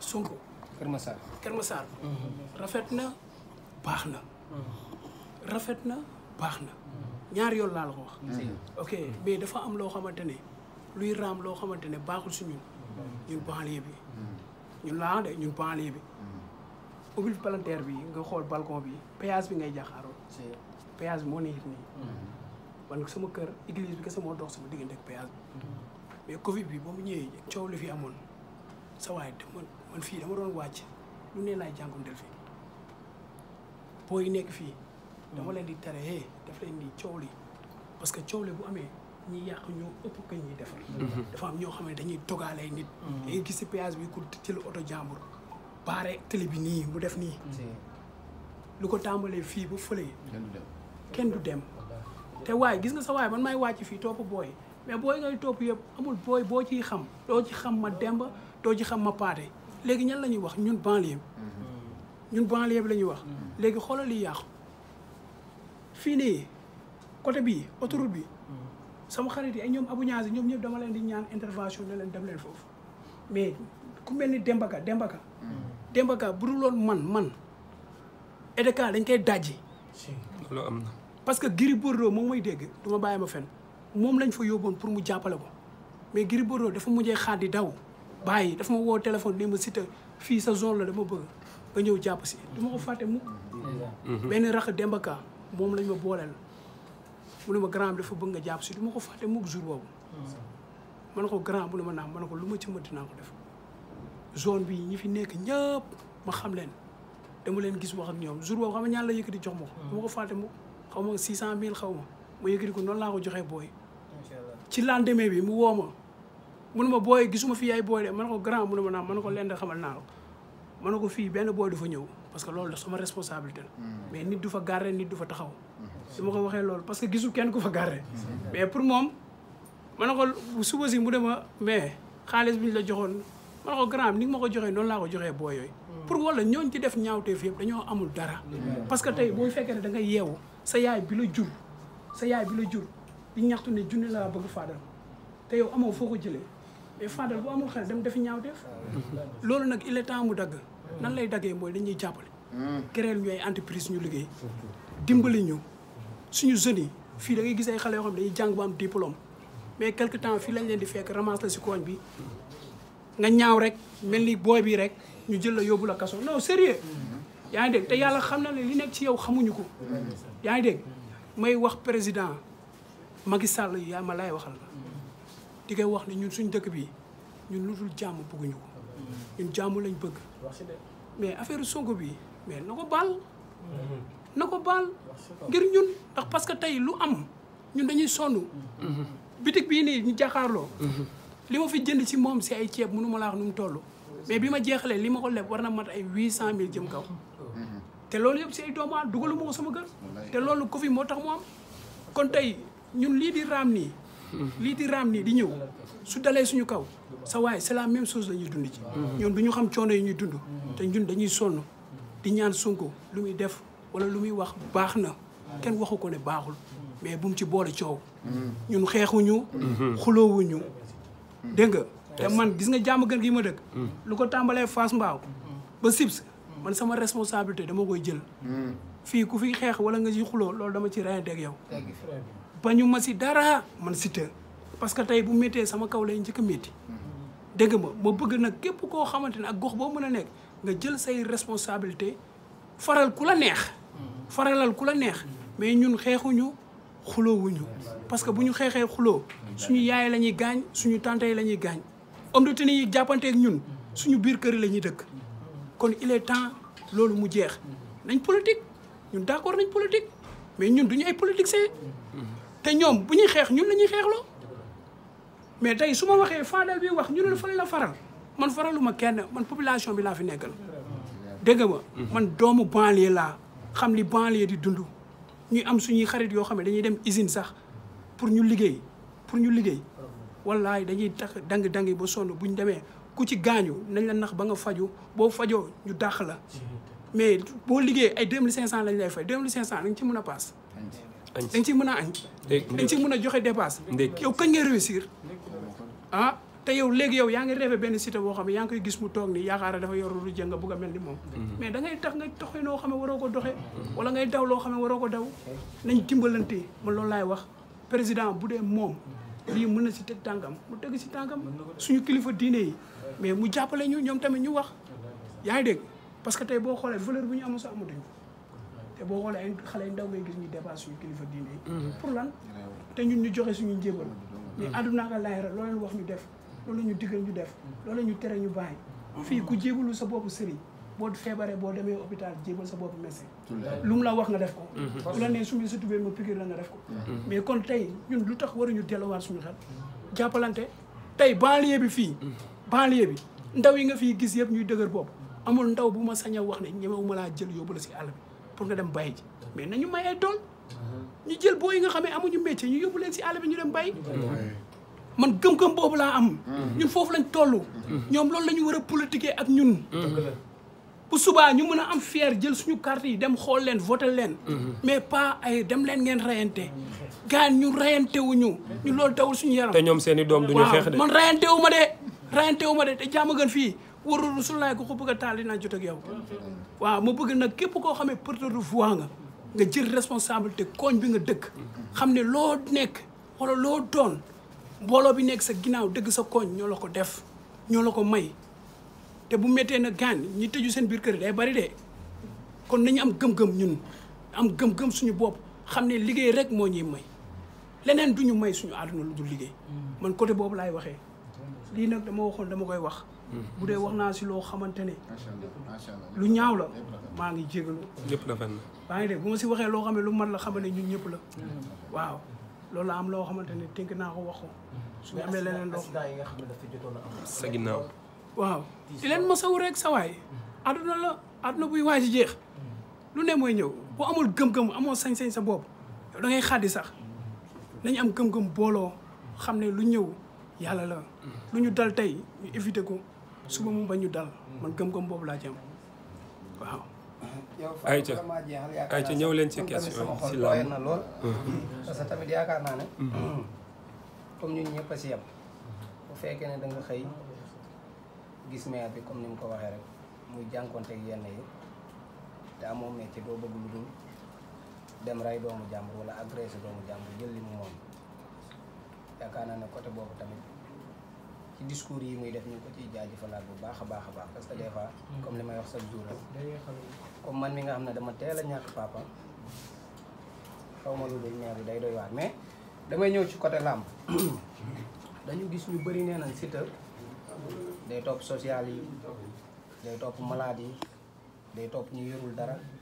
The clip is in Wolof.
Sonko. kermassar kermassar rafetna baxna rafetna baxna ñaar yoll laa la ko wax. ok mais dafa am lo xamantene luy ram lo xamantene baxul suñu si ñun. banlieue bi. ñun la de ñun banlieue bi. ubbil palanteer bi nga xol balcon bi péage bi ngay jaxaro péage mo moo ni man sama kër église bi kessa mo dox sama digënde ak péage mais Covid bi bamu ñëwé ñëwee li fi amone sa waay demoon. man fii dama doon wàcc lu ne laay jànkuwanteel fii booy nekk fii. dama leen di tere hee daf leen di coow li parce que coow li bu amee ñi yàq ñoo ëpp kañ ñuy def dafa am ñoo xam ne dañuy toggaalee nit. dañuy gis si péage bi ku jël oto jàmbur. baare télé bi nii mu def nii. lu ko tàmbalee fii ba fële. kenn du dem te waaye gis nga sa waaye man maay wàcc fii topp booy mais booy ngay topp yëpp amul booy boo ciy xam doo ci xam ma demb doo ci xam ma paate. léegi ñan la ñuy wax ñun banlieue mm-hmm. ñun banlieue bi la ñuy wax mm-hmm. léegi xoolal li yàqu fii nii côté bii autoroute bi mm-hmm. sama xarit yi ay ñoom abu ñaasi ñoom ñëpp dama leen di ñaan intervention ne leen dem leen foofu mais ku mel ni dembaka dembaka dembaka bu dul woon man man EDK dañ koy dajji loolu am parce que Gris Bordeaux moom may dégg du ma bàyyi ma fen moom lañ fa yóbboon pour mu jàppale ko mais Gris Bordeaux dafa mujjee xaar di daw bàyyi dafa ma woo téléphone ni ma Siteu fii sa zone la dama bëgg nga ñëw jàpp si du ma ko fàtte mu benn rax Demba Ka moom lañ ma booleel mu ne ma grand bi dafa bëgg nga jàpp si du ma ko fàtte mukk jour boobu ma ne ko grand bu ne ma naam ma ne ko lu ma ci mën dinaa ko def zone bi ñi fi nekk ñëpp ma xam leen dama leen gis wax ak ñoom jour boobu xam nga ñaan la yëkkati jox ma ko hmm. ko fàtte mukk xaw ma six cent mille xaw ma ma ko noonu laa ko joxee booy ci lendemain bi mu woo ma mun ma booy gisuma fii ay booy de ma ne ko grand mun a naa ma ko lenn de xamal naa ko ma ne ko fii benn booy du fa ñëw parce que loolu da sama responsabilité la mm. mais nit du fa garre nit du fa taxaw mm-hmm. su ma ko waxee loolu parce que gisu kenn ko fa garre mm-hmm. mais pour moom man ne ko suba si mu dema mais xaalis bi la joxoon ma ko ni nga ma ko joxee noonu laa ko joxee booy yooyu mm. pour wala ñooñ ci def ñaawteef yëpp dañoo amul dara mm-hmm. parce que tey boo fekkee ne da nga yeewu sa yaay bi la jur sa yaay bi la jur di ñaxtu ne junni laa bëgg faadal te yow amoo foo ko jëlee mais Fadel bu amul xel dem dafi ñaaw def loolu nag il est temps mu dagg nan lay daggee mooy dañuy jàppale hmm. créer ñu ay entreprise ñu liggéey dimbali ñu suñu jeunes yi fii da ngay gis ay xale yoo xam ne dañuy jàng ba am diplôme mais quelque temps fii lañ leen di fekk ramasse la si kooñ bi nga ñaaw rek mel ni booy bi rek ñu jël la yóbbu la kaso non sérieux yaa dégg te yàlla xam na ne li nekk ci yow xamuñu ko yaa ngi dégg may wax président Macky Sall yaa ma lay waxal di koy wax ne ñun suñ dëkk bi ñun lu dul jàmm bëgguñu ko ñun jàmm lañ bëgg mais affaire Sonko bi mais na ko baal na ko baal ngir ñun ndax parce que tey lu am ñun dañuy sonn bitig bii nii ñu jàkkaarloo li ma fi jënd ci moom si ay ceeb mënu ma la wax nu mu toll mais bi ma jeexalee li ma ko leb war na mat ay huit cent mille jëm kaw te loolu yëpp ci ay doomu aadama dugalu ma ko sama kër te loolu Covid moo tax mu am kon tey ñun lii di raam nii lii di raam nii di ñëw su dalee suñu kaw sa waaye c'est la même chose ñuy dund ci ñoom du ñu xam coono yi ñuy dund te ñun dañuy sonn di ñaan Sonko lu muy def wala lu muy wax baax na kenn waxu ko ne baaxul mais bu ci boole coow ñun xeexuñu xuloowuñu dégg nga te man gis nga jàmm gën gi ma dëkk mm. lu ko tàmbalee fas mbaaw ba Sibs man sama responsabilité dama koy jël mm. fii ku fii xeex wala nga ci xuloo loolu dama ci reyanteeg yow bañu ma si dara man Siteu parce que tey bu méttee sama kaw lay njëkk a métti dégg ma ma bëgg nag képp koo xamante ni ak gox boo mën a nekk nga jël say responsabilité faral ku la neex faralal ku la neex mais ñun xeexuñu xuloowuñu parce que bu ñu xeexee xuloo suñu yaay la ñuy gaañ suñu tante yi la ñuy gaañ homme te tenue yi ñun suñu biir kër yi la ñuy dëkk kon il est temps loolu mu jeex nañ politique ñun d'accord nañ politique mais ñun duñu ay politiciens te ñoom bu ñuy xeex ñun la ñuy xeexloo mais tey su ma waxee faada bi wax ñu ne la la faral man faraluma kenn man population bi laa fi nekkal dégg ma mhm. man doomu banlieue laa xam li banlieue di dund ñu am suñuy xarit yoo xam ne dañuy dem usine sax pour ñu liggéey pour ñu liggéey wallaay dañuy tax dang dangi ba sonn bu ñu demee ku ci gaañu nañ la nax ba nga faju boo fajoo ñu dàq la mais boo liggéey ay 2500 lañ lay fay 2500 da nga ci mën a paas añ dañ ciy mën a añ. dañ ciy mën a joxe dépasse. yow kañ ngay réussir ah. te yow léegi yaw yaa ngi rêvé benn cité boo xam ne yaa ngi koy gis mu toog ni yaakaar dafa yor lu jë ni moom mm-hmm. mais da ngay tax nga doxee noo xam ne waroo ko doxee wala ngay daw xam ne waroo ko daw nañ dimbalante man loolu laay wax président bu dee moom lii mën na si teg tànkam mu teg si tànkam suñu kilifa diine yi mais mu jàppale ñu ñoom tamit ñu wax yaa ngi dégg parce que tey boo xoolee valeur bu ñu amoon sa amatuñ te boo xoolee ay xale yu ndaw may gis ñuy dépassé suñu kilifa diine yi. Mhm. pour lan te ñun ñu joxe suñu jéebal mais àddunaa ak laayra loolu wax ñu def loolu ñu digal ñu def mhm. loolu ñu tere ñu bàyyi. Mhm. fii ku jébalu sa bopp sëriñ boo feebaree boo demee hôpital jébal sa bopp médecin. lu mu la wax nga def ko. bu la nee su ma sa tubéen ma piqûre la nga def ko. mais kon tey ñun lu tax war ñu delluwaat suñu xel. jàppalante tey banlieue bi fii. banlieue bi ndaw yi nga fii gis yëpp ñuy dëgër bopp amul ndaw bu ma sañ a wax ne ñemewuma laa jël yóbbu la si àll bi. pour nga dem bayi ji mais nañu may ay doon ñu jël boy nga xamé amuñu métier ñu yobul leen ci àll bi ñu dem bayi man gëm gëm boobu laa am ñun foofu lañ tollu ñoom loolu lañu war a politiquer ak ñun bu suba ñu mën a am fier jël suñu carte yi dem xool leen voter leen mais pas ay dem leen ngeen rayante gaan ñu rayante wuñu ñu loolu tawul suñu yaram te ñoom seen i doom duñu xeex de man rayante wu ma de rayante wu ma de te jàmm gën fii warul Rasulullaay ku ko bëgg a taal dinaa jot ak yow waaw ma bëgg nag képp koo xamee porteur de voix nga nga jël responsabilité koñ bi nga dëkk xam ne loo nekk wala loo doon mbooloo bi nekk sa ginnaaw dëgg sa koñ ñoo la ko def ñoo la ko may te bu méttee na gaan ñi tëju seen biir kër day bari de kon nañu am gëm-gëm ñun am gëm-gëm suñu bopp xam ne liggéey rek moo ñuy may leneen du ñu may suñu àdduna lu dul liggéey man côté boobu laay waxee lii nag dama waxoon dama koy wax bu dee wax naa si loo xamante ne. lu ñaaw la maa ngi jégalu. ñëpp la fenn. maa ngi dégg bu ma si waxee loo xam ne lu man la xamal ne ñun ñëpp la. Mm-hmm. waaw loolu la am loo xamante ne tënk naa ko wax ko. Mm-hmm. su ñu amee leneen loo xam yi nga xam ne dafa jotoon a am. sa ginnaaw. waaw di leen masawu rek sa waay. Mm-hmm. àdduna la àdduna buy waaj a jeex. lu ne mooy ñëw boo amul gëm-gëm amoo sañ-sañ sa bopp yow da xaddi sax nañu am gëm-gëm booloo xam ne lu ñëw yàlla la lu ñu dal tey ñu éviter ko. suba mu bañu dal man gëm-gëm boobu laa ci am waaw. ayca ayca ñëw leen ci question yi si laa na lool. Mhm. parce que tamit yaakaar naa ne. Mhm. comme ñun ñëpp si yem. bu fekkee ne danga xëy gis maire bi comme ni mu ko waxee rek muy jànkonte ak yenn yi te amoo métier doo bëgg lu dul dem rey doomu jàmbur wala agressé doomu jàmbur jël li mu moom yaakaar naa ne côté boobu tamit. ci discours yi muy def ñu ngi ko ciy jaajëfalaat bu baax a baax a baax parce que des fois mm. comme li may wax chaque jour rek comme man mi nga xam ne dama teel a ñàkk papa xaw ma lu dul ñaar day doy waar mais damay ñëw ci côté làmb dañu gis ñu bëri nee nañ Siteu day topp social yi day topp malade yi day topp ñu yorul dara